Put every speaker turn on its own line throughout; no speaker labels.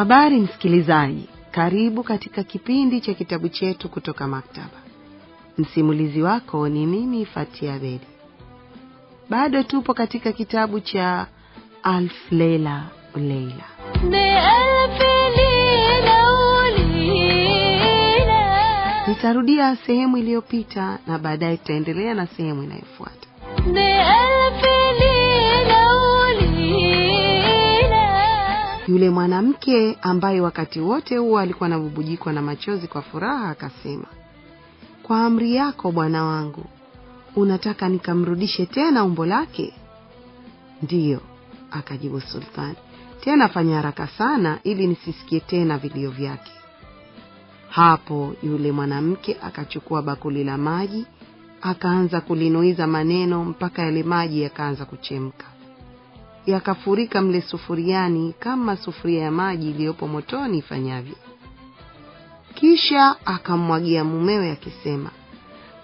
Habari msikilizaji, karibu katika kipindi cha kitabu chetu kutoka maktaba. Msimulizi wako ni mimi Fatia Bedi. Bado tupo katika kitabu cha Alfu uleila Nitarudia sehemu iliyopita na baadaye tutaendelea na sehemu inayofuata. Yule mwanamke ambaye wakati wote huo alikuwa anabubujikwa na machozi kwa furaha akasema, kwa amri yako bwana wangu, unataka nikamrudishe tena umbo lake? Ndiyo, akajibu Sultani, tena fanya haraka sana, ili nisisikie tena vilio vyake. Hapo yule mwanamke akachukua bakuli la maji akaanza kulinuiza maneno mpaka yale maji yakaanza kuchemka yakafurika mle sufuriani kama sufuria ya maji iliyopo motoni ifanyavyo. Kisha akamwagia mumewe akisema,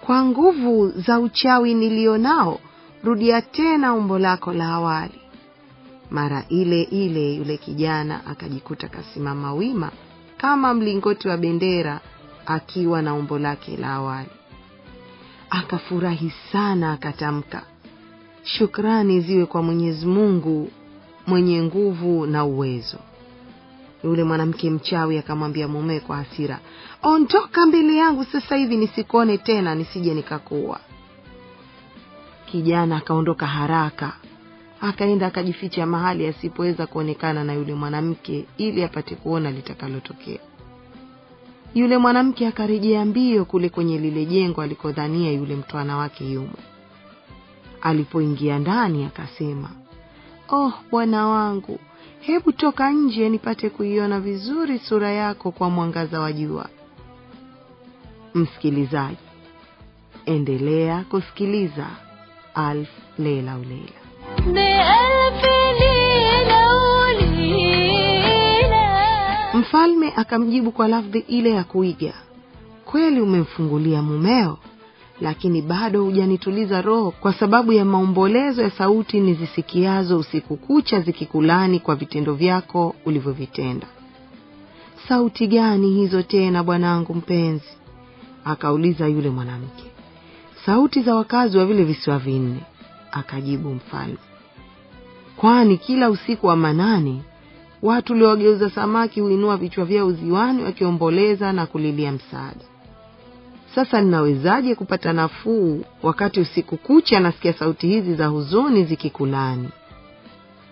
kwa nguvu za uchawi nilio nao, rudia tena umbo lako la awali. Mara ile ile yule kijana akajikuta kasimama wima kama mlingoti wa bendera akiwa na umbo lake la awali. Akafurahi sana, akatamka Shukrani ziwe kwa Mwenyezi Mungu mwenye nguvu na uwezo. Yule mwanamke mchawi akamwambia mume kwa hasira, ondoka mbele yangu sasa hivi, nisikuone tena, nisije nikakuwa. Kijana akaondoka haraka, akaenda akajificha mahali asipoweza kuonekana na yule mwanamke, ili apate kuona litakalotokea. Yule mwanamke akarejea mbio kule kwenye lile jengo alikodhania yule mtwana wake yumo. Alipoingia ndani akasema, oh bwana wangu, hebu toka nje nipate kuiona vizuri sura yako kwa mwangaza wa jua. Msikilizaji, endelea kusikiliza Alfu Lela U Lela. Mfalme akamjibu kwa lafdhi ile ya kuiga, kweli umemfungulia mumeo lakini bado hujanituliza roho kwa sababu ya maombolezo ya sauti nizisikiazo usiku kucha zikikulani kwa vitendo vyako ulivyovitenda. Sauti gani hizo tena, bwanangu mpenzi? akauliza yule mwanamke. Sauti za wakazi wa vile visiwa vinne, akajibu mfalme, kwani kila usiku wa manane watu uliowageuza samaki huinua vichwa vyao ziwani wakiomboleza na kulilia msaada. Sasa ninawezaje kupata nafuu wakati usiku kucha nasikia sauti hizi za huzuni zikikulani?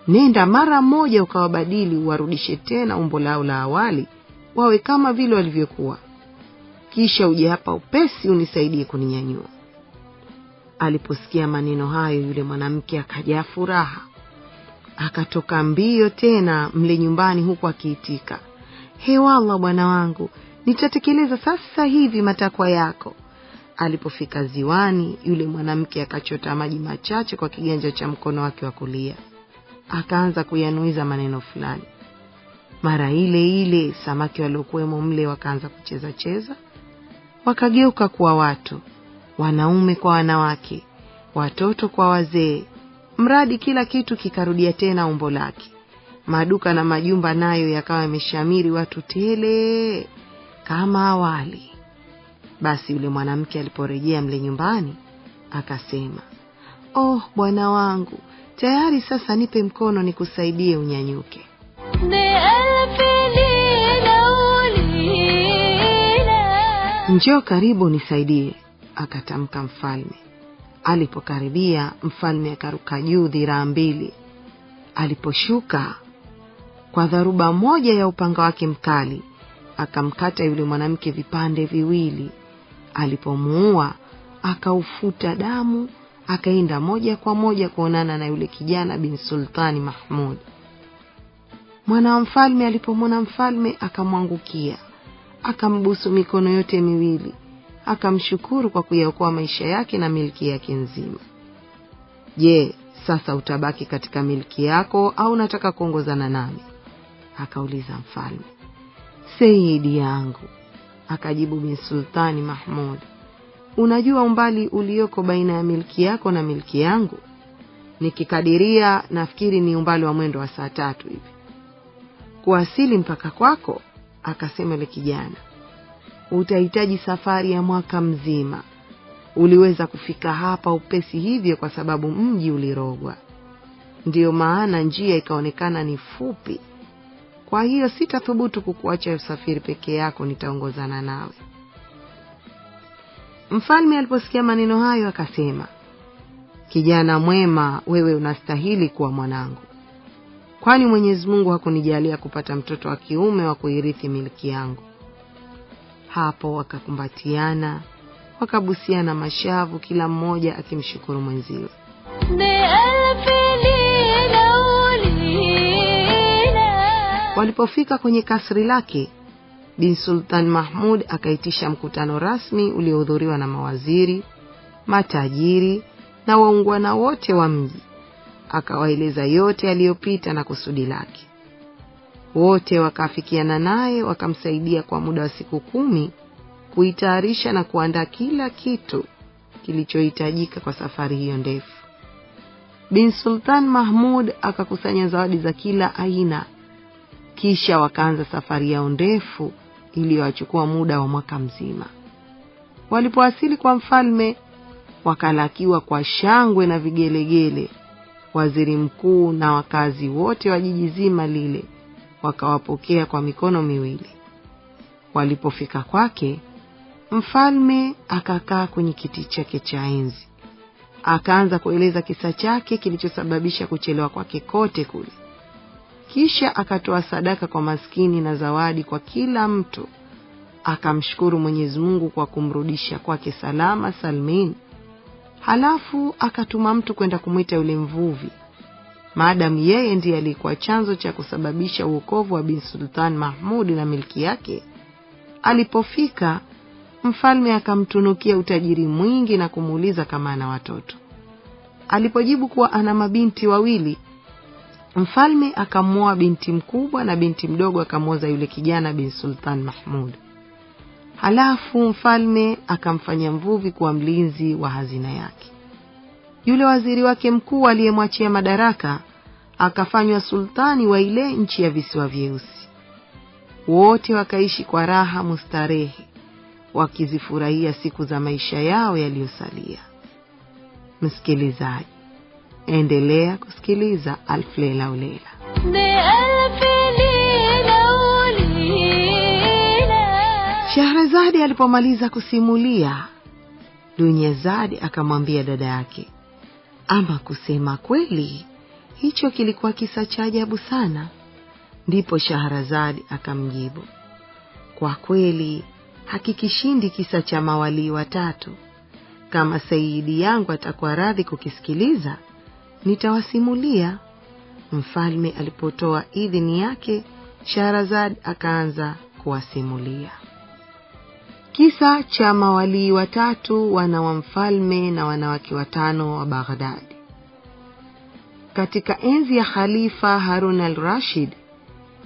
Nenda mara moja ukawabadili, uwarudishe tena umbo lao la awali, wawe kama vile walivyokuwa, kisha uje hapa upesi unisaidie kuninyanyua. Aliposikia maneno hayo, yule mwanamke akajaa furaha, akatoka mbio tena mle nyumbani, huku akiitika, hewallah, bwana wangu, nitatekeleza sasa hivi matakwa yako. Alipofika ziwani, yule mwanamke akachota maji machache kwa kiganja cha mkono wake wa kulia, akaanza kuyanuiza maneno fulani. Mara ile ile samaki waliokuwemo mle wakaanza kucheza cheza, wakageuka kuwa watu, wanaume kwa wanawake, watoto kwa wazee, mradi kila kitu kikarudia tena umbo lake. Maduka na majumba nayo yakawa yameshamiri watu tele kama awali. Basi yule mwanamke aliporejea mle nyumbani akasema, oh, bwana wangu, tayari sasa nipe mkono nikusaidie unyanyuke. Njoo karibu nisaidie akatamka mfalme. Alipokaribia mfalme akaruka juu dhiraa mbili. Aliposhuka kwa dharuba moja ya upanga wake mkali akamkata yule mwanamke vipande viwili. Alipomuua akaufuta damu, akaenda moja kwa moja kuonana na yule kijana bin Sultani Mahmud. Mwana wa mfalme alipomwona mfalme akamwangukia, akambusu mikono yote miwili, akamshukuru kwa kuyaokoa maisha yake na milki yake nzima. Je, sasa utabaki katika milki yako au nataka kuongozana nami? akauliza mfalme. Seyidi yangu, akajibu bin Sultani Mahmud, unajua umbali ulioko baina ya milki yako na milki yangu? Nikikadiria nafikiri ni umbali wa mwendo wa saa tatu hivi kuwasili mpaka kwako. Akasema ile kijana, utahitaji safari ya mwaka mzima. Uliweza kufika hapa upesi hivyo kwa sababu mji ulirogwa, ndiyo maana njia ikaonekana ni fupi. Kwa hiyo sitathubutu kukuacha usafiri peke yako, nitaongozana nawe. Mfalme aliposikia maneno hayo akasema, kijana mwema, wewe unastahili kuwa mwanangu, kwani Mwenyezi Mungu hakunijalia kupata mtoto wa kiume wa kuirithi miliki yangu. Hapo wakakumbatiana wakabusiana mashavu, kila mmoja akimshukuru mwenziwe. Walipofika kwenye kasri lake, bin Sultan Mahmud akaitisha mkutano rasmi uliohudhuriwa na mawaziri, matajiri na waungwana wote wa mji. Akawaeleza yote aliyopita na kusudi lake. Wote wakaafikiana naye wakamsaidia kwa muda wa siku kumi kuitayarisha na kuandaa kila kitu kilichohitajika kwa safari hiyo ndefu. Bin Sultan Mahmud akakusanya zawadi za kila aina kisha wakaanza safari yao ndefu iliyowachukua muda wa mwaka mzima. Walipowasili kwa mfalme, wakalakiwa kwa shangwe na vigelegele. Waziri mkuu na wakazi wote wa jiji zima lile wakawapokea kwa mikono miwili. Walipofika kwake, mfalme akakaa kwenye kiti chake cha enzi, akaanza kueleza kisa chake kilichosababisha kuchelewa kwake kote kule. Kisha akatoa sadaka kwa maskini na zawadi kwa kila mtu, akamshukuru Mwenyezi Mungu kwa kumrudisha kwake salama salmin. Halafu akatuma mtu kwenda kumwita yule mvuvi, maadamu yeye ndiye alikuwa chanzo cha kusababisha uokovu wa bin Sultan Mahmud na milki yake. Alipofika, mfalme akamtunukia utajiri mwingi na kumuuliza kama ana watoto. Alipojibu kuwa ana mabinti wawili, Mfalme akamwoa binti mkubwa na binti mdogo akamwoza yule kijana bin Sultan Mahmud. Halafu mfalme akamfanya mvuvi kuwa mlinzi wa hazina yake. Yule waziri wake mkuu aliyemwachia madaraka akafanywa sultani wa ile nchi ya visiwa vyeusi. Wote wakaishi kwa raha mustarehe, wakizifurahia siku za maisha yao yaliyosalia. Msikilizaji, Endelea kusikiliza Alfu Lela ulela Shahrazadi alipomaliza kusimulia, Dunyazadi akamwambia dada yake, ama kusema kweli hicho kilikuwa kisa cha ajabu sana. Ndipo Shahrazadi akamjibu, kwa kweli hakikishindi kisa cha mawalii watatu. Kama saidi yangu atakuwa radhi kukisikiliza, nitawasimulia. Mfalme alipotoa idhini yake, Shahrazad akaanza kuwasimulia kisa cha mawalii watatu wana wa mfalme na wanawake watano wa Baghdad. Katika enzi ya Khalifa Harun al-Rashid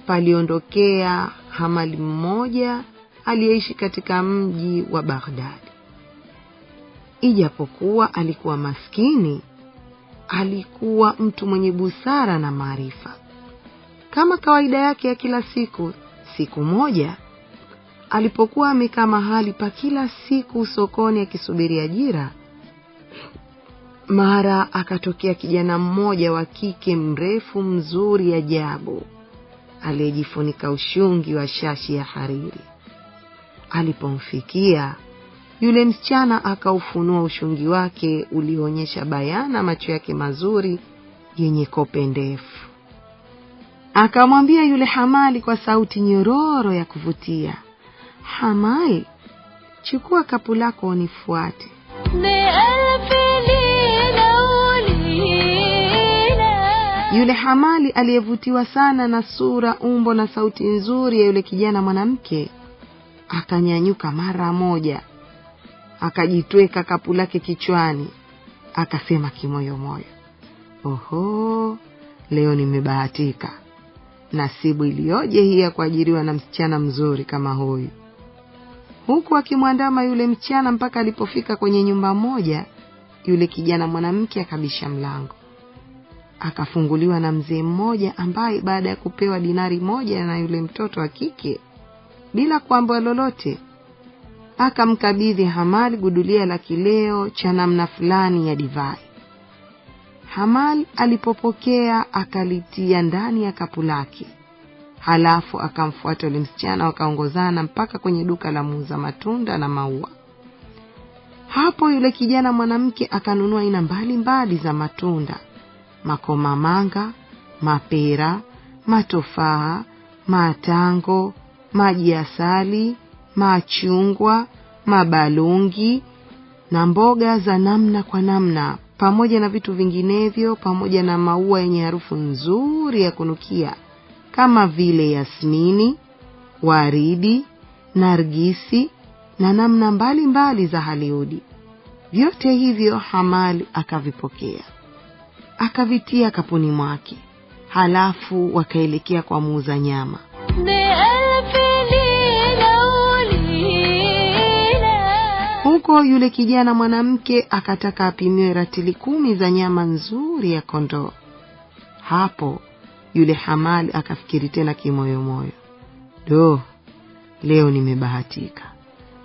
paliondokea hamali mmoja aliyeishi katika mji wa Baghdad. Ijapokuwa alikuwa maskini, alikuwa mtu mwenye busara na maarifa. Kama kawaida yake ya kila siku, siku moja alipokuwa amekaa mahali pa kila siku sokoni akisubiri ajira, mara akatokea kijana mmoja wa kike mrefu mzuri ajabu, aliyejifunika ushungi wa shashi ya hariri. Alipomfikia yule msichana akaufunua ushungi wake ulioonyesha bayana macho yake mazuri yenye kope ndefu. Akamwambia yule Hamali kwa sauti nyororo ya kuvutia, Hamali, chukua kapu lako unifuate. Yule Hamali aliyevutiwa sana na sura, umbo na sauti nzuri ya yule kijana mwanamke akanyanyuka mara moja akajitweka kapu lake kichwani, akasema kimoyomoyo, oho, leo nimebahatika, nasibu iliyoje hii ya kuajiriwa na msichana mzuri kama huyu. Huku akimwandama yule mchana mpaka alipofika kwenye nyumba moja, yule kijana mwanamke akabisha mlango, akafunguliwa na mzee mmoja ambaye baada ya kupewa dinari moja na yule mtoto wa kike bila kuambwa lolote akamkabidhi Hamal gudulia la kileo cha namna fulani ya divai. Hamal alipopokea akalitia ndani ya kapu lake, halafu akamfuata yule msichana, wakaongozana mpaka kwenye duka la muuza matunda na maua. Hapo yule kijana mwanamke akanunua aina mbalimbali za matunda: makomamanga, mapera, matofaa, matango, maji asali machungwa, mabalungi na mboga za namna kwa namna, pamoja na vitu vinginevyo, pamoja na maua yenye harufu nzuri ya kunukia kama vile yasmini, waridi, nargisi na namna mbalimbali mbali za haliudi. Vyote hivyo Hamali akavipokea akavitia kapuni mwake, halafu wakaelekea kwa muuza nyama. huko, yule kijana mwanamke akataka apimiwe ratili kumi za nyama nzuri ya kondoo. Hapo yule hamali akafikiri tena kimoyomoyo, do, leo nimebahatika,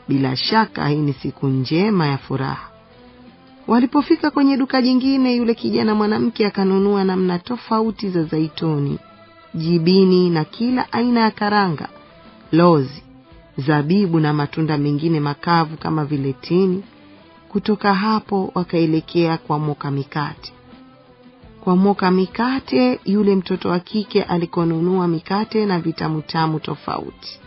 bila shaka hii ni siku njema ya furaha. Walipofika kwenye duka jingine, yule kijana mwanamke akanunua namna tofauti za zaituni, jibini na kila aina ya karanga, lozi, zabibu na matunda mengine makavu kama vile tini. Kutoka hapo wakaelekea kwa moka mikate. Kwa moka mikate, yule mtoto wa kike alikonunua mikate na vitamutamu tofauti.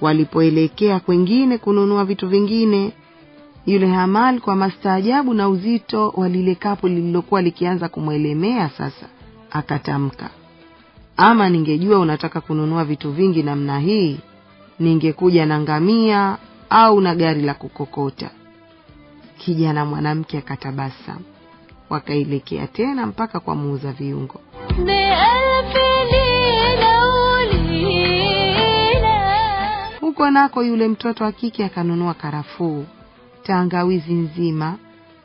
Walipoelekea kwengine kununua vitu vingine, yule Hamal kwa mastaajabu na uzito wa lile kapu lililokuwa likianza kumwelemea sasa, akatamka, ama ningejua unataka kununua vitu vingi namna hii, ningekuja na ngamia au na gari la kukokota. Kijana mwanamke akatabasa, wakaelekea tena mpaka kwa muuza viungo. Huko nako yule mtoto wa kike akanunua karafuu, tangawizi nzima,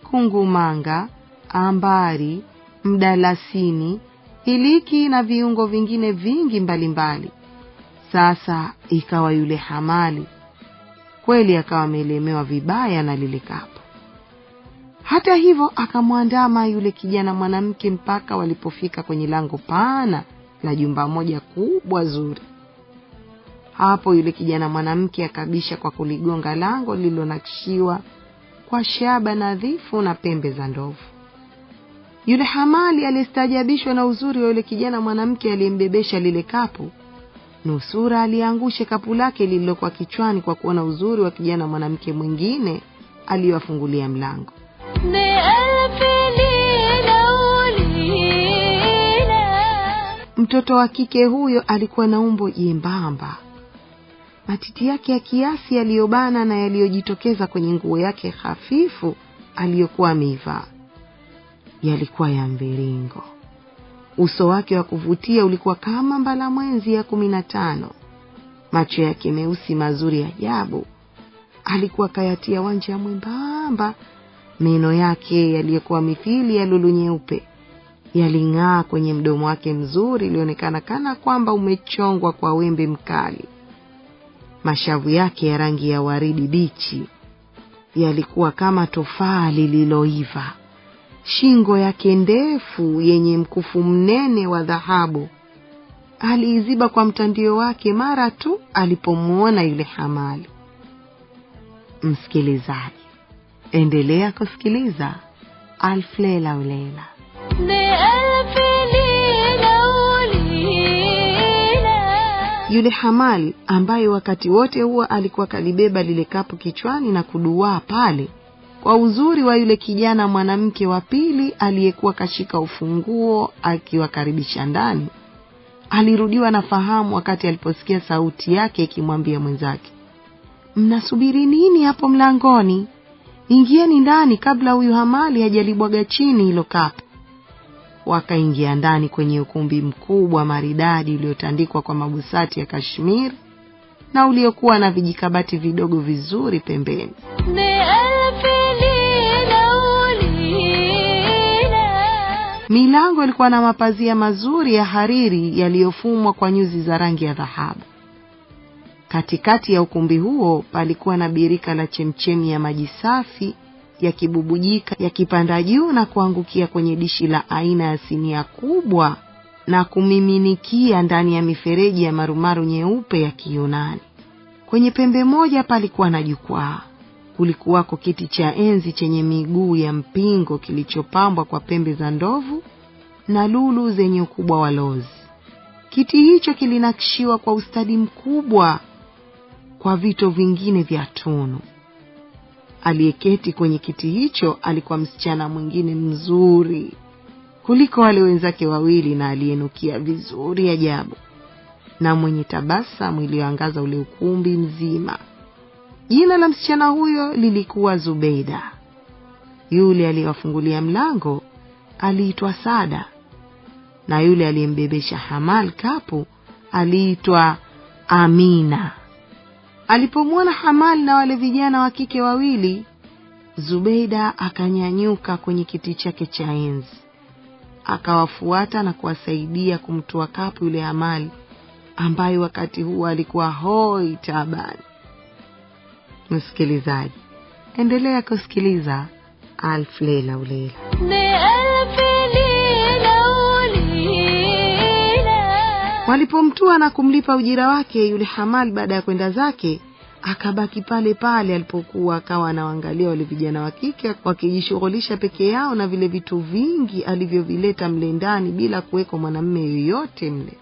kungumanga, ambari, mdalasini, iliki na viungo vingine vingi mbalimbali mbali. Sasa ikawa yule Hamali kweli akawa amelemewa vibaya na lile kapu. Hata hivyo akamwandama yule kijana mwanamke mpaka walipofika kwenye lango pana la jumba moja kubwa zuri. Hapo yule kijana mwanamke akabisha kwa kuligonga lango lililonakishiwa kwa shaba nadhifu na pembe za ndovu. Yule Hamali aliyestajabishwa na uzuri wa yule kijana mwanamke aliyembebesha lile kapu Nusura aliangusha kapu lake lililokuwa kichwani kwa kuona uzuri wa kijana mwanamke mwingine aliyowafungulia mlango. Mtoto wa kike huyo alikuwa na umbo jembamba, matiti yake ya kiasi yaliyobana na yaliyojitokeza kwenye nguo yake hafifu aliyokuwa ameivaa yalikuwa ya mviringo. Uso wake wa kuvutia ulikuwa kama mbala mwenzi ya kumi na tano. Macho yake meusi mazuri ajabu, alikuwa kayatia wanja mwembamba. Meno yake yaliyokuwa mithili ya lulu nyeupe yaling'aa kwenye mdomo wake mzuri ulionekana kana kwamba umechongwa kwa wembe mkali. Mashavu yake ya rangi ya waridi bichi yalikuwa kama tofaa lililoiva shingo yake ndefu yenye mkufu mnene wa dhahabu aliiziba kwa mtandio wake mara tu alipomwona yule hamali. Msikilizaji, endelea kusikiliza Alfu Lela u Lela. Yule hamali ambaye wakati wote huwa alikuwa kalibeba lile kapu kichwani na kuduaa pale kwa uzuri wa yule kijana mwanamke wa pili aliyekuwa kashika ufunguo akiwakaribisha ndani. Alirudiwa na fahamu wakati aliposikia sauti yake ikimwambia mwenzake, mnasubiri nini hapo mlangoni? Ingieni ndani kabla huyu hamali hajalibwaga chini hilo kapa Wakaingia ndani kwenye ukumbi mkubwa maridadi uliotandikwa kwa mabusati ya Kashmir na uliokuwa na vijikabati vidogo vizuri pembeni. Milango ilikuwa na mapazia mazuri ya hariri yaliyofumwa kwa nyuzi za rangi ya dhahabu. Katikati ya ukumbi huo palikuwa na birika la chemchemi ya maji safi yakibubujika yakipanda juu na kuangukia kwenye dishi la aina ya sinia kubwa na kumiminikia ndani ya mifereji ya marumaru nyeupe ya Kiyunani. Kwenye pembe moja palikuwa na jukwaa kulikuwako kiti cha enzi chenye miguu ya mpingo kilichopambwa kwa pembe za ndovu na lulu zenye ukubwa wa lozi. Kiti hicho kilinakshiwa kwa ustadi mkubwa kwa vito vingine vya tunu. Aliyeketi kwenye kiti hicho alikuwa msichana mwingine mzuri kuliko wale wenzake wawili, na aliyenukia vizuri ajabu na mwenye tabasamu iliyoangaza ule ukumbi mzima. Jina la msichana huyo lilikuwa Zubeida. Yule aliyewafungulia mlango aliitwa Sada, na yule aliyembebesha Hamal kapu aliitwa Amina. Alipomwona Hamal na wale vijana wa kike wawili, Zubeida akanyanyuka kwenye kiti chake cha enzi, akawafuata na kuwasaidia kumtoa kapu yule Hamal ambaye wakati huo alikuwa hoi tabani msikilizaji, endelea kusikiliza alf Lela ulela Walipomtua na kumlipa ujira wake yule Hamal, baada ya kwenda zake, akabaki pale pale alipokuwa, akawa anawaangalia wale vijana wa kike wakijishughulisha peke yao na vile vitu vingi alivyovileta mle ndani bila kuwekwa mwanamume yoyote mle.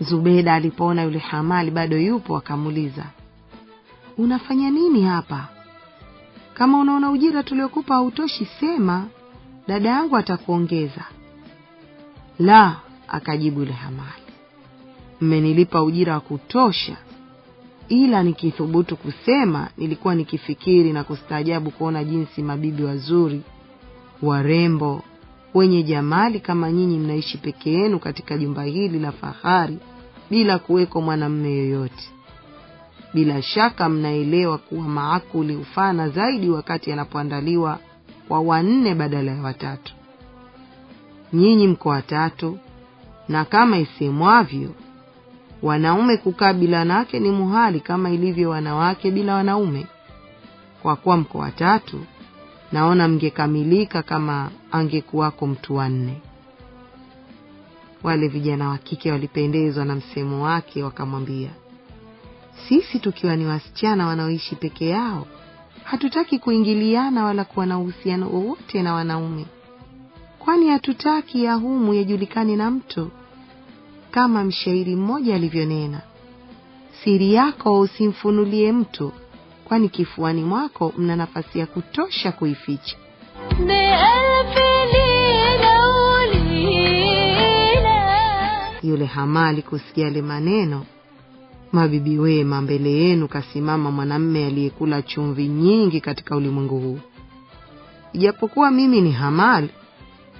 Zubeda alipoona yule Hamali bado yupo, akamuuliza unafanya nini hapa? Kama unaona ujira tuliokupa hautoshi, sema, dada yangu atakuongeza. La, akajibu yule hamali, mmenilipa ujira wa kutosha, ila nikithubutu kusema, nilikuwa nikifikiri na kustaajabu kuona jinsi mabibi wazuri, warembo, wenye jamali kama nyinyi mnaishi peke yenu katika jumba hili la fahari bila kuweko mwanamume yoyote. Bila shaka mnaelewa kuwa maakuli hufana zaidi wakati yanapoandaliwa kwa wanne badala ya watatu. Nyinyi mko watatu, na kama isemwavyo wanaume kukaa bila wanawake ni muhali, kama ilivyo wanawake bila wanaume. Kwa kuwa mko watatu, naona mngekamilika kama angekuwako mtu wanne. Wale vijana wa kike walipendezwa na msemo wake, wakamwambia sisi tukiwa ni wasichana wanaoishi peke yao, hatutaki kuingiliana wala kuwa na uhusiano wowote na wanaume, kwani hatutaki ya humu yajulikane na mtu, kama mshairi mmoja alivyonena: siri yako usimfunulie mtu, kwani kifuani mwako mna nafasi ya kutosha kuificha. Yule hamali kusikia le maneno Mabibi wema, mbele yenu kasimama mwanamme aliyekula chumvi nyingi katika ulimwengu huu. Ijapokuwa mimi ni hamal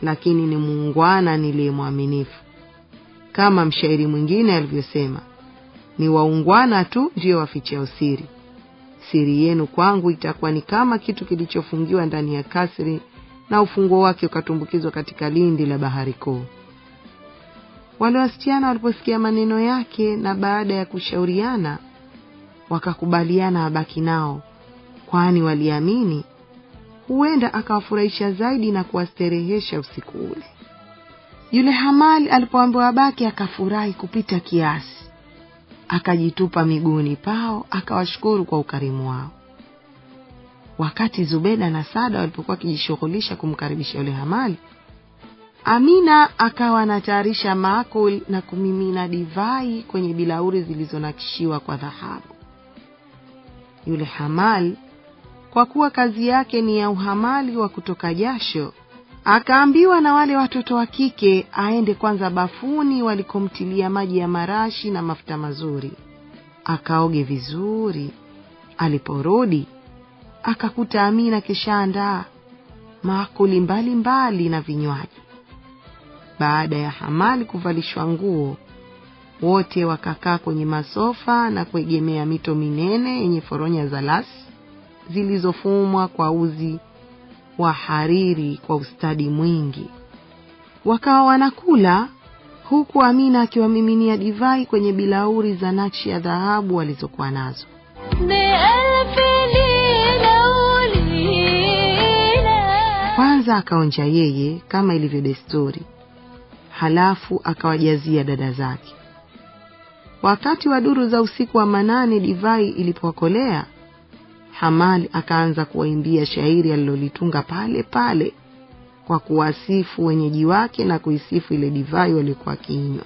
lakini ni muungwana niliye mwaminifu. Kama mshairi mwingine alivyosema, ni waungwana tu ndiyo wafichao siri. Siri yenu kwangu itakuwa ni kama kitu kilichofungiwa ndani ya kasri na ufunguo wake ukatumbukizwa katika lindi la bahari kuu. Wale wasichana waliposikia maneno yake na baada ya kushauriana wakakubaliana abaki nao, kwani waliamini huenda akawafurahisha zaidi na kuwasterehesha usiku ule. Yule Hamali alipoambiwa abaki akafurahi kupita kiasi, akajitupa miguuni pao akawashukuru kwa ukarimu wao. Wakati Zubeda na Sada walipokuwa wakijishughulisha kumkaribisha yule Hamali Amina akawa anatayarisha maakul na kumimina divai kwenye bilauri zilizonakishiwa kwa dhahabu. Yule hamal kwa kuwa kazi yake ni ya uhamali wa kutoka jasho, akaambiwa na wale watoto wa kike aende kwanza bafuni walikomtilia maji ya marashi na mafuta mazuri, akaoge vizuri. Aliporudi akakuta Amina kishaandaa maakuli mbalimbali na vinywaji. Baada ya Hamali kuvalishwa nguo, wote wakakaa kwenye masofa na kuegemea mito minene yenye foronya za las zilizofumwa kwa uzi wa hariri kwa ustadi mwingi. Wakawa wanakula huku Amina akiwamiminia divai kwenye bilauri za nachi ya dhahabu alizokuwa nazo. Kwanza akaonja yeye kama ilivyo desturi, halafu akawajazia dada zake. Wakati wa duru za usiku wa manane divai ilipokolea hamal akaanza kuwaimbia shairi alilolitunga pale pale kwa kuwasifu wenyeji wake na kuisifu ile divai waliokuwa kinywa.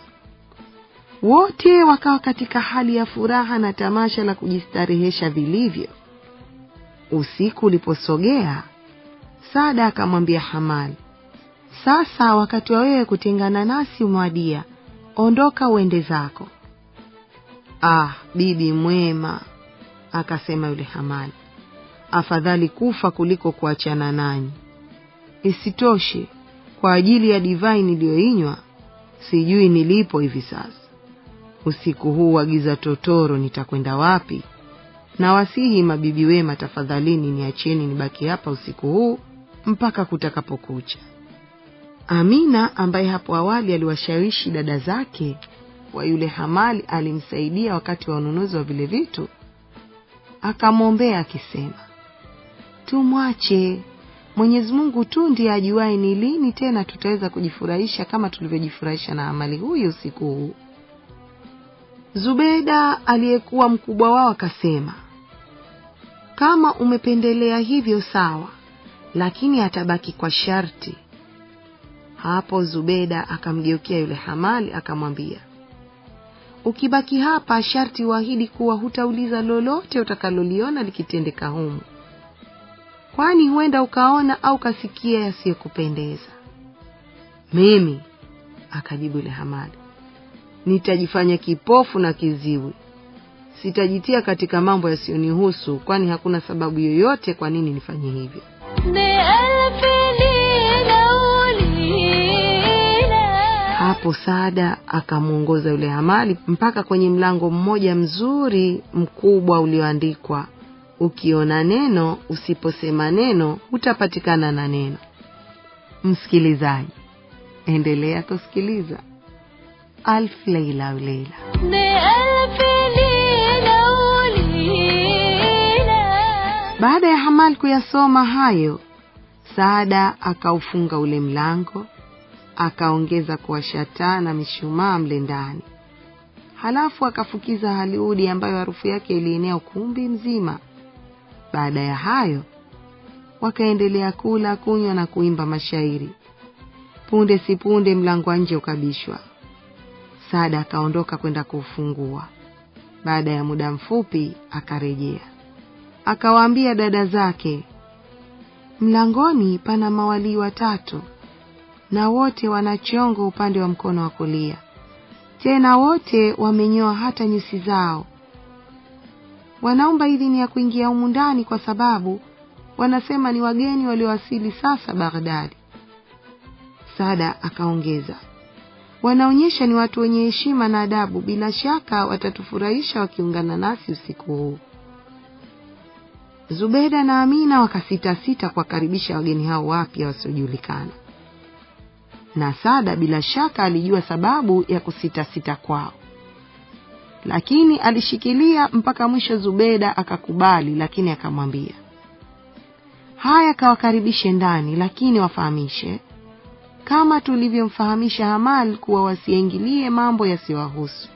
Wote wakawa katika hali ya furaha na tamasha la kujistarehesha vilivyo. Usiku uliposogea, Sada akamwambia Hamali, sasa wakati wa wewe kutengana nasi umewadia, ondoka uende zako. Ah, bibi mwema, akasema yule Hamani, afadhali kufa kuliko kuachana nanyi. Isitoshe, kwa ajili ya divai niliyoinywa sijui nilipo hivi sasa. Usiku huu wa giza totoro nitakwenda wapi? Nawasihi mabibi wema, tafadhalini niachieni nibaki hapa usiku huu mpaka kutakapokucha. Amina ambaye hapo awali aliwashawishi dada zake wa yule hamali alimsaidia wakati wa ununuzi wa vile vitu, akamwombea akisema, tumwache Mwenyezi Mungu tu ndiye ajuaye ni lini tena tutaweza kujifurahisha kama tulivyojifurahisha na amali huyu usiku huu. Zubeda aliyekuwa mkubwa wao akasema, kama umependelea hivyo sawa, lakini atabaki kwa sharti hapo Zubeda akamgeukia yule Hamali akamwambia, ukibaki hapa sharti uahidi kuwa hutauliza lolote utakaloliona likitendeka humu, kwani huenda ukaona au kasikia yasiyokupendeza. Mimi, akajibu yule Hamali, nitajifanya kipofu na kiziwi, sitajitia katika mambo yasiyonihusu, kwani hakuna sababu yoyote kwa nini nifanye hivyo. Ndipo Saada akamwongoza yule Hamali mpaka kwenye mlango mmoja mzuri mkubwa ulioandikwa, ukiona neno usiposema neno utapatikana na neno. Msikilizaji, endelea kusikiliza alf leila Leila. Baada ya Hamal kuyasoma hayo, Saada akaufunga ule mlango akaongeza kuwasha taa na mishumaa mle ndani. Halafu akafukiza haliudi ambayo harufu yake ilienea ukumbi mzima. Baada ya hayo, wakaendelea kula, kunywa na kuimba mashairi. Punde si punde, mlango wa nje ukabishwa. Sada akaondoka kwenda kuufungua. Baada ya muda mfupi akarejea, akawaambia dada zake, mlangoni pana mawalii watatu na wote wana chongo upande wa mkono wa kulia. Tena wote wamenyoa hata nyusi zao. Wanaomba idhini ya kuingia humu ndani, kwa sababu wanasema ni wageni waliowasili sasa Baghdadi. Sada akaongeza, wanaonyesha ni watu wenye heshima na adabu. Bila shaka watatufurahisha wakiungana nasi usiku huu. Zubeda na Amina wakasitasita kuwakaribisha wageni hao wapya wasiojulikana na Sada bila shaka alijua sababu ya kusitasita kwao, lakini alishikilia mpaka mwisho. Zubeda akakubali, lakini akamwambia, haya, kawakaribishe ndani, lakini wafahamishe kama tulivyomfahamisha Hamal kuwa wasiingilie mambo yasiwahusu,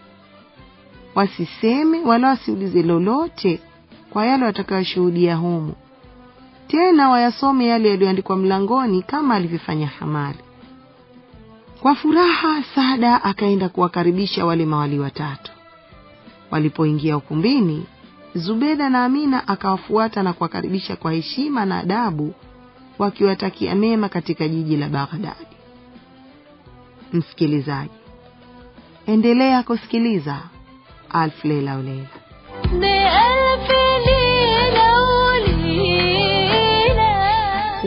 wasiseme wala wasiulize lolote kwa yale watakayoshuhudia humu, tena wayasome yale yaliyoandikwa mlangoni kama alivyofanya Hamali. Kwa furaha Sada akaenda kuwakaribisha wale mawali watatu. Walipoingia ukumbini, Zubeda na Amina akawafuata na kuwakaribisha kwa heshima na adabu, wakiwatakia mema katika jiji la Baghdadi. Msikilizaji, endelea kusikiliza Alfu Lela u Lela.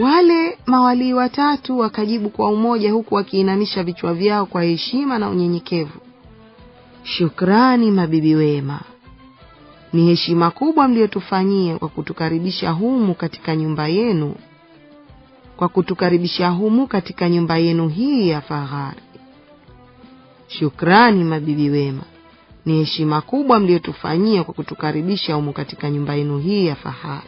Wale mawalii watatu wakajibu kwa umoja, huku wakiinamisha vichwa vyao kwa heshima na unyenyekevu. Shukrani mabibi wema, ni heshima kubwa mliyotufanyia kwa kutukaribisha humu katika nyumba yenu, kwa kutukaribisha humu katika nyumba yenu hii ya fahari. Shukrani mabibi wema, ni heshima kubwa mliyotufanyia kwa kutukaribisha humu katika nyumba yenu hii ya fahari.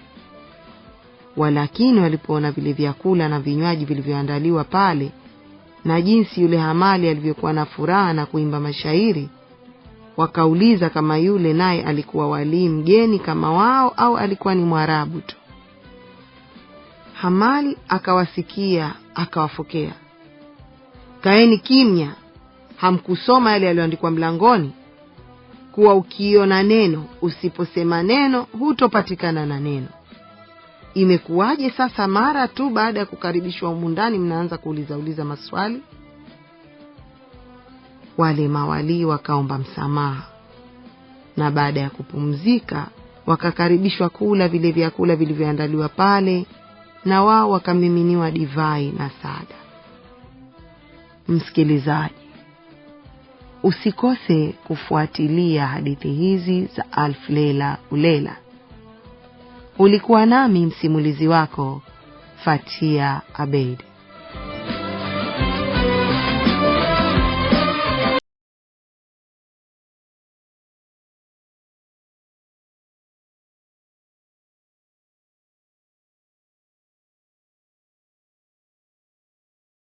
Walakini walipoona vile vyakula na vinywaji vilivyoandaliwa pale na jinsi yule hamali alivyokuwa na furaha na kuimba mashairi, wakauliza kama yule naye alikuwa walii mgeni kama wao au alikuwa ni Mwarabu tu. Hamali akawasikia akawafokea, kaeni kimya, hamkusoma yale yaliyoandikwa mlangoni, kuwa ukiona neno usiposema neno hutopatikana na neno. Imekuwaje sasa mara tu baada ya kukaribishwa humu ndani mnaanza kuuliza uliza maswali? Wale mawalii wakaomba msamaha, na baada ya kupumzika wakakaribishwa kula vile vyakula vilivyoandaliwa pale, na wao wakamiminiwa divai na sada. Msikilizaji, usikose kufuatilia hadithi hizi za Alfu Lela u Lela Ulikuwa nami msimulizi wako Fatia Abeid.